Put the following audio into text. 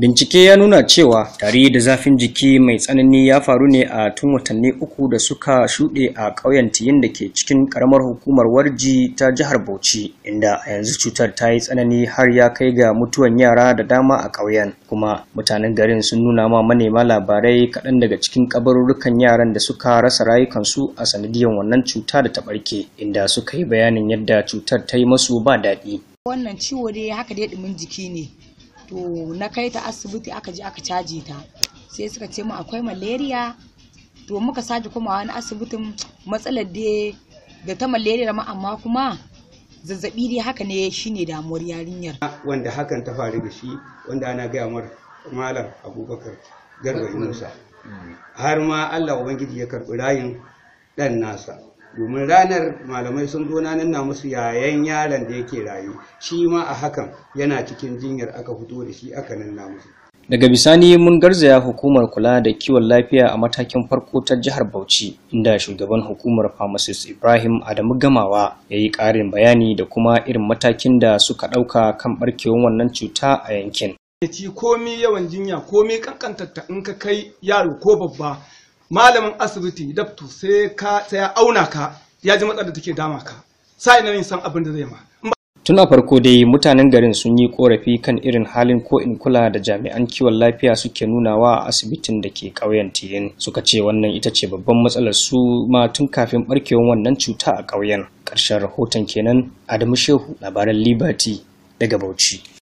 bincike ya nuna cewa tari da zafin jiki mai tsanani ya faru ne a tun watanni uku da suka shuɗe a ƙauyen tiyin da ke cikin ƙaramar hukumar warji ta jihar bauchi inda a yanzu cutar ta yi tsanani har ya kai ga mutuwan yara da dama a ƙauyen kuma mutanen garin sun nuna ma manema labarai kaɗan daga cikin kabarurrukan yaran da suka rasa rayukansu a sanadiyar wannan cuta da ta ɓarke inda suka yi bayanin yadda cutar ta yi masu ba daɗi wannan ciwo dai haka dai ɗumin jiki ne to na kai ta asibiti aka je aka caje ta sai suka ce mu akwai malaria to muka sake komawa wani asibitin matsalar da da ta malaria ma amma kuma zazzabi dai haka ne shine damuwar yarinyar wanda hakan ta faru da shi wanda ana gaya mar malam abubakar garba musa mm. har ma allah ubangiji ya karɓi rayin ɗan nasa domin ranar malamai sun zo na nuna musu yayan yaron da yake rayu shi ma a hakan yana cikin jinyar aka fito da shi aka nuna musu daga bisani mun garzaya hukumar kula da kiwon lafiya a matakin farko ta jihar bauchi inda shugaban hukumar pharmacist ibrahim adamu gamawa ya yi ƙarin bayani da kuma irin matakin da suka ɗauka kan ɓarkewar wannan cuta a yankin ci komi yawan jinya komi kankantarta in ka kai yaro ko babba malamin asibiti daftu sai ka sai ya auna ka ya ji matsalar da take dama ka sai nan san abin da zai ma tun a farko dai mutanen garin sun yi korafi kan irin halin ko in kula da jami'an kiwon lafiya suke nunawa a asibitin da ke ƙauyen tiyin suka ce wannan ita ce babban matsalar su ma tun kafin barkewar wannan cuta a ƙauyen ƙarshen rahoton kenan adamu shehu labaran liberty daga bauchi